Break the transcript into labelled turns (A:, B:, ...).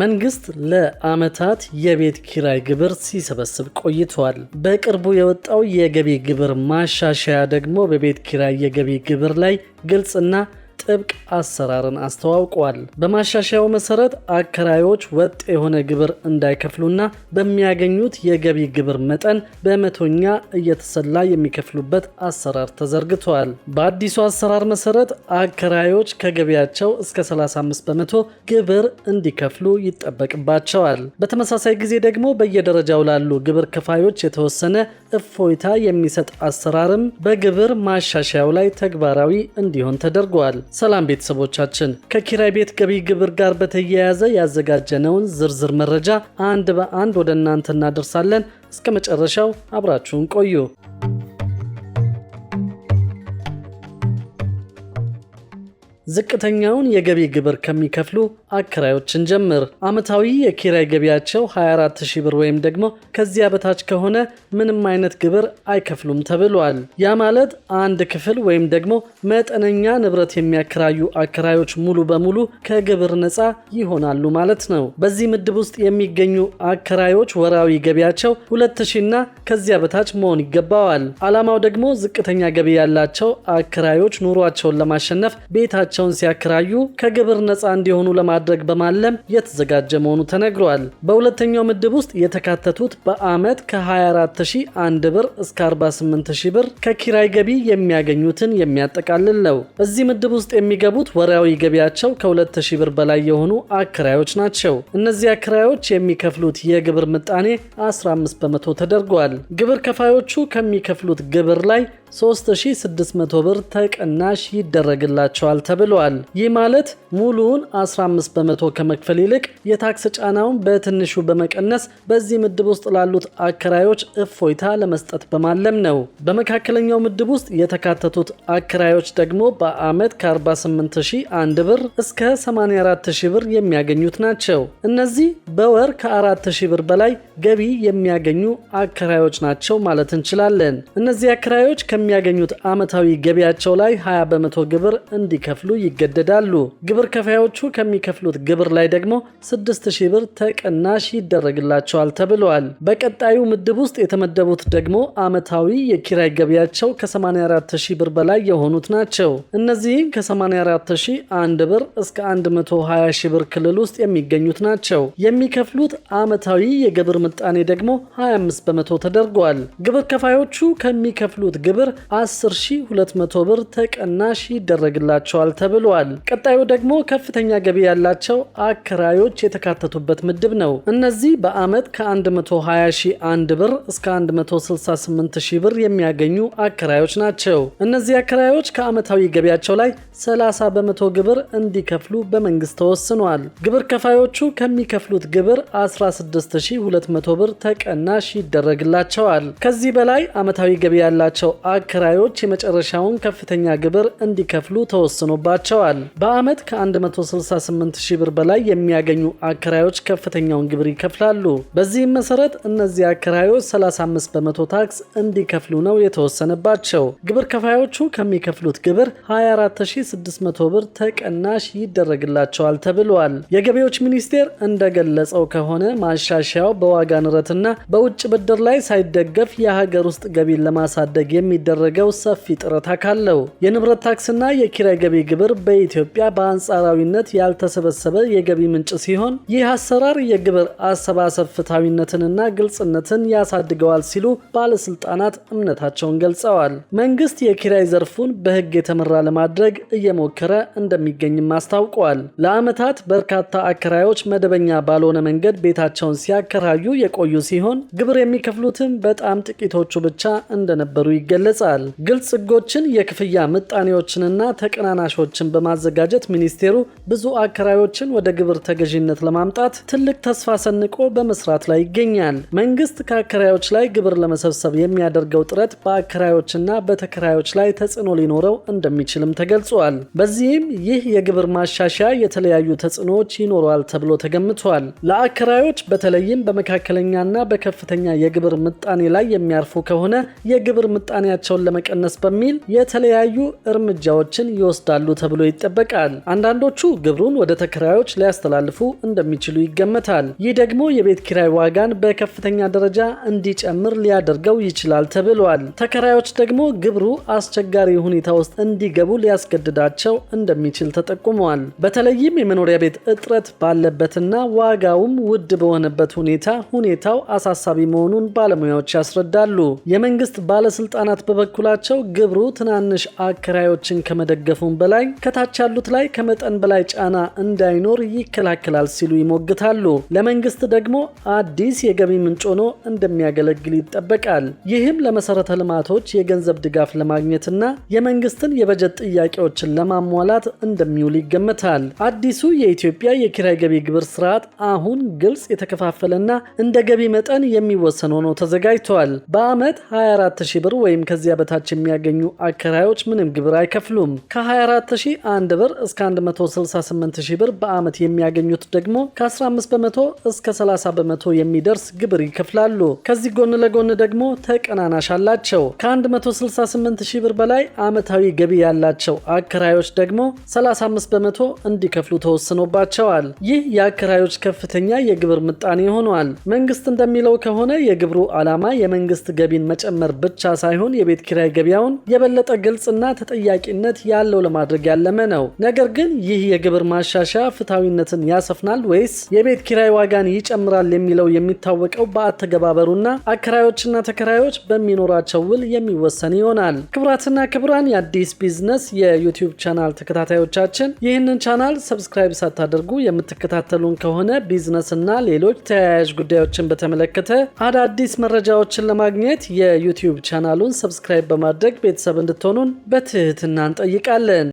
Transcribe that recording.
A: መንግስት ለአመታት የቤት ኪራይ ግብር ሲሰበስብ ቆይቷል። በቅርቡ የወጣው የገቢ ግብር ማሻሻያ ደግሞ በቤት ኪራይ የገቢ ግብር ላይ ግልጽና ጥብቅ አሰራርን አስተዋውቋል። በማሻሻያው መሰረት አከራዮች ወጥ የሆነ ግብር እንዳይከፍሉና በሚያገኙት የገቢ ግብር መጠን በመቶኛ እየተሰላ የሚከፍሉበት አሰራር ተዘርግቷል። በአዲሱ አሰራር መሰረት አከራዮች ከገቢያቸው እስከ 35 በመቶ ግብር እንዲከፍሉ ይጠበቅባቸዋል። በተመሳሳይ ጊዜ ደግሞ በየደረጃው ላሉ ግብር ከፋዮች የተወሰነ እፎይታ የሚሰጥ አሰራርም በግብር ማሻሻያው ላይ ተግባራዊ እንዲሆን ተደርጓል። ሰላም ቤተሰቦቻችን፣ ከኪራይ ቤት ገቢ ግብር ጋር በተያያዘ ያዘጋጀነውን ዝርዝር መረጃ አንድ በአንድ ወደ እናንተ እናደርሳለን። እስከ መጨረሻው አብራችሁን ቆዩ። ዝቅተኛውን የገቢ ግብር ከሚከፍሉ አከራዮችን ጀምር። ዓመታዊ የኪራይ ገቢያቸው 24000 ብር ወይም ደግሞ ከዚያ በታች ከሆነ ምንም አይነት ግብር አይከፍሉም ተብሏል። ያ ማለት አንድ ክፍል ወይም ደግሞ መጠነኛ ንብረት የሚያከራዩ አከራዮች ሙሉ በሙሉ ከግብር ነፃ ይሆናሉ ማለት ነው። በዚህ ምድብ ውስጥ የሚገኙ አከራዮች ወራዊ ገቢያቸው 2000 እና ከዚያ በታች መሆን ይገባዋል። ዓላማው ደግሞ ዝቅተኛ ገቢ ያላቸው አከራዮች ኑሯቸውን ለማሸነፍ ቤታቸው ቤታቸውን ሲያከራዩ ከግብር ነፃ እንዲሆኑ ለማድረግ በማለም የተዘጋጀ መሆኑ ተነግሯል። በሁለተኛው ምድብ ውስጥ የተካተቱት በዓመት ከ 1 ብር እስከ 48000 ብር ከኪራይ ገቢ የሚያገኙትን የሚያጠቃልል ነው። እዚህ ምድብ ውስጥ የሚገቡት ወርያዊ ገቢያቸው ከ2000 ብር በላይ የሆኑ አከራዮች ናቸው። እነዚህ አከራዮች የሚከፍሉት የግብር ምጣኔ 15 በመቶ ተደርጓል። ግብር ከፋዮቹ ከሚከፍሉት ግብር ላይ 3600 ብር ተቀናሽ ይደረግላቸዋል ተብሏል። ይህ ማለት ሙሉውን 15 በመቶ ከመክፈል ይልቅ የታክስ ጫናውን በትንሹ በመቀነስ በዚህ ምድብ ውስጥ ላሉት አከራዮች እፎይታ ለመስጠት በማለም ነው። በመካከለኛው ምድብ ውስጥ የተካተቱት አከራዮች ደግሞ በዓመት ከ48001 ብር እስከ 84000 ብር የሚያገኙት ናቸው። እነዚህ በወር ከ4000 ብር በላይ ገቢ የሚያገኙ አከራዮች ናቸው ማለት እንችላለን። እነዚህ አከራዮች ከ ከሚያገኙት ዓመታዊ ገቢያቸው ላይ 20 በመቶ ግብር እንዲከፍሉ ይገደዳሉ። ግብር ከፋዮቹ ከሚከፍሉት ግብር ላይ ደግሞ 6000 ብር ተቀናሽ ይደረግላቸዋል ተብለዋል። በቀጣዩ ምድብ ውስጥ የተመደቡት ደግሞ ዓመታዊ የኪራይ ገቢያቸው ከ84000 ብር በላይ የሆኑት ናቸው። እነዚህም ከ84001 ብር እስከ 120000 ብር ክልል ውስጥ የሚገኙት ናቸው። የሚከፍሉት ዓመታዊ የግብር ምጣኔ ደግሞ 25 በመቶ ተደርጓል። ግብር ከፋዮቹ ከሚከፍሉት ግብር 10200 ብር ተቀናሽ ይደረግላቸዋል ተብሏል። ቀጣዩ ደግሞ ከፍተኛ ገቢ ያላቸው አከራዮች የተካተቱበት ምድብ ነው። እነዚህ በዓመት ከ 1 ብር እስከ 168000 ብር የሚያገኙ አከራዮች ናቸው። እነዚህ አከራዮች ከዓመታዊ ገቢያቸው ላይ 30 በመቶ ግብር እንዲከፍሉ በመንግስት ተወስኗል። ግብር ከፋዮቹ ከሚከፍሉት ግብር 16200 ብር ተቀናሽ ይደረግላቸዋል። ከዚህ በላይ ዓመታዊ ገቢ ያላቸው አከራዮች የመጨረሻውን ከፍተኛ ግብር እንዲከፍሉ ተወስኖባቸዋል። በዓመት ከ168 ሺህ ብር በላይ የሚያገኙ አከራዮች ከፍተኛውን ግብር ይከፍላሉ። በዚህም መሰረት እነዚህ አከራዮች 35 በመቶ ታክስ እንዲከፍሉ ነው የተወሰነባቸው። ግብር ከፋዮቹ ከሚከፍሉት ግብር 24600 ብር ተቀናሽ ይደረግላቸዋል ተብሏል። የገቢዎች ሚኒስቴር እንደገለጸው ከሆነ ማሻሻያው በዋጋ ንረትና በውጭ ብድር ላይ ሳይደገፍ የሀገር ውስጥ ገቢን ለማሳደግ የሚደ የሚደረገው ሰፊ ጥረት አካል ነው። የንብረት ታክስና የኪራይ ገቢ ግብር በኢትዮጵያ በአንጻራዊነት ያልተሰበሰበ የገቢ ምንጭ ሲሆን ይህ አሰራር የግብር አሰባሰብ ፍትሐዊነትንና ግልጽነትን ያሳድገዋል ሲሉ ባለስልጣናት እምነታቸውን ገልጸዋል። መንግስት የኪራይ ዘርፉን በህግ የተመራ ለማድረግ እየሞከረ እንደሚገኝም አስታውቋል። ለአመታት በርካታ አከራዮች መደበኛ ባልሆነ መንገድ ቤታቸውን ሲያከራዩ የቆዩ ሲሆን ግብር የሚከፍሉትም በጣም ጥቂቶቹ ብቻ እንደነበሩ ይገለጻል። ይገልጻል። ግልጽ ህጎችን፣ የክፍያ ምጣኔዎችንና ተቀናናሾችን በማዘጋጀት ሚኒስቴሩ ብዙ አከራዮችን ወደ ግብር ተገዥነት ለማምጣት ትልቅ ተስፋ ሰንቆ በመስራት ላይ ይገኛል። መንግስት ከአከራዮች ላይ ግብር ለመሰብሰብ የሚያደርገው ጥረት በአከራዮችና በተከራዮች ላይ ተጽዕኖ ሊኖረው እንደሚችልም ተገልጿል። በዚህም ይህ የግብር ማሻሻያ የተለያዩ ተጽዕኖዎች ይኖረዋል ተብሎ ተገምቷል። ለአከራዮች በተለይም በመካከለኛና በከፍተኛ የግብር ምጣኔ ላይ የሚያርፉ ከሆነ የግብር ምጣኔያቸው ቁጥራቸውን ለመቀነስ በሚል የተለያዩ እርምጃዎችን ይወስዳሉ ተብሎ ይጠበቃል። አንዳንዶቹ ግብሩን ወደ ተከራዮች ሊያስተላልፉ እንደሚችሉ ይገመታል። ይህ ደግሞ የቤት ኪራይ ዋጋን በከፍተኛ ደረጃ እንዲጨምር ሊያደርገው ይችላል ተብሏል። ተከራዮች ደግሞ ግብሩ አስቸጋሪ ሁኔታ ውስጥ እንዲገቡ ሊያስገድዳቸው እንደሚችል ተጠቁመዋል። በተለይም የመኖሪያ ቤት እጥረት ባለበትና ዋጋውም ውድ በሆነበት ሁኔታ ሁኔታው አሳሳቢ መሆኑን ባለሙያዎች ያስረዳሉ። የመንግስት ባለስልጣናት በበ በበኩላቸው ግብሩ ትናንሽ አከራዮችን ከመደገፉን በላይ ከታች ያሉት ላይ ከመጠን በላይ ጫና እንዳይኖር ይከላከላል ሲሉ ይሞግታሉ። ለመንግስት ደግሞ አዲስ የገቢ ምንጭ ሆኖ እንደሚያገለግል ይጠበቃል። ይህም ለመሰረተ ልማቶች የገንዘብ ድጋፍ ለማግኘትና የመንግስትን የበጀት ጥያቄዎችን ለማሟላት እንደሚውል ይገመታል። አዲሱ የኢትዮጵያ የኪራይ ገቢ ግብር ስርዓት አሁን ግልጽ የተከፋፈለና እንደ ገቢ መጠን የሚወሰን ሆኖ ተዘጋጅቷል። በአመት 24 ሺህ ብር ወይም ከ ከዚያ በታች የሚያገኙ አከራዮች ምንም ግብር አይከፍሉም። 1 ብር እስከ 168000 ብር በዓመት የሚያገኙት ደግሞ ከ15 በመቶ እስከ 30 በመቶ የሚደርስ ግብር ይከፍላሉ። ከዚህ ጎን ለጎን ደግሞ ተቀናናሽ አላቸው። ከ168000 ብር በላይ ዓመታዊ ገቢ ያላቸው አከራዮች ደግሞ 35 በመቶ እንዲከፍሉ ተወስኖባቸዋል። ይህ የአከራዮች ከፍተኛ የግብር ምጣኔ ሆኗል። መንግስት እንደሚለው ከሆነ የግብሩ ዓላማ የመንግስት ገቢን መጨመር ብቻ ሳይሆን የቤት ኪራይ ገበያውን የበለጠ ግልጽና ተጠያቂነት ያለው ለማድረግ ያለመ ነው። ነገር ግን ይህ የግብር ማሻሻያ ፍትሐዊነትን ያሰፍናል ወይስ የቤት ኪራይ ዋጋን ይጨምራል የሚለው የሚታወቀው በአተገባበሩና አከራዮችና ተከራዮች በሚኖራቸው ውል የሚወሰን ይሆናል። ክቡራትና ክቡራን የአዲስ ቢዝነስ የዩቲዩብ ቻናል ተከታታዮቻችን ይህንን ቻናል ሰብስክራይብ ሳታደርጉ የምትከታተሉን ከሆነ ቢዝነስና ሌሎች ተያያዥ ጉዳዮችን በተመለከተ አዳዲስ መረጃዎችን ለማግኘት የዩቲዩብ ቻናሉን ሰብስ ሰብስክራይብ በማድረግ ቤተሰብ እንድትሆኑን በትህትና እንጠይቃለን።